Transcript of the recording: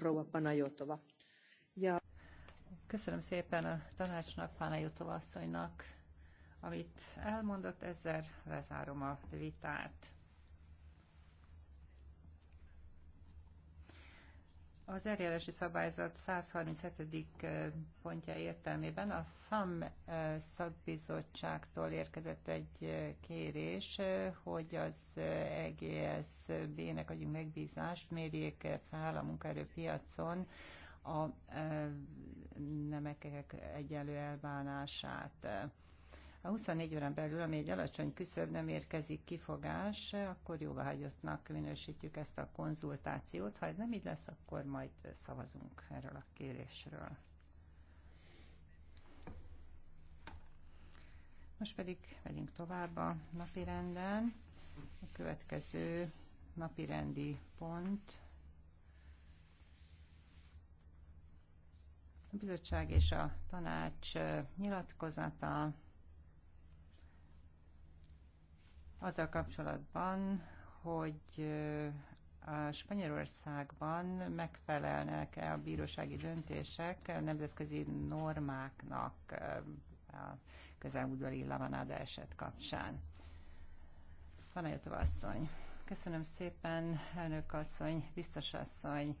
Rova Panajotova. Ja. Köszönöm szépen a tanácsnak, Panajotova asszonynak, amit elmondott, ezzel lezárom a vitát. Az eljárási szabályzat 137. pontja értelmében a FAM szakbizottságtól érkezett egy kérés, hogy az EGSB-nek adjunk megbízást, mérjék fel a munkaerőpiacon a nemekek egyenlő elbánását. Ha 24 órán belül, ami egy alacsony küszöb, nem érkezik kifogás, akkor jóváhagyottnak minősítjük ezt a konzultációt. Ha ez nem így lesz, akkor majd szavazunk erről a kérésről. Most pedig megyünk tovább a napirenden. A következő napirendi pont a bizottság és a tanács nyilatkozata azzal kapcsolatban, hogy a Spanyolországban megfelelnek-e a bírósági döntések a nemzetközi normáknak a közelmúltbeli Lavanada eset kapcsán. Panajotova asszony. Köszönöm szépen, elnök asszony, biztos asszony.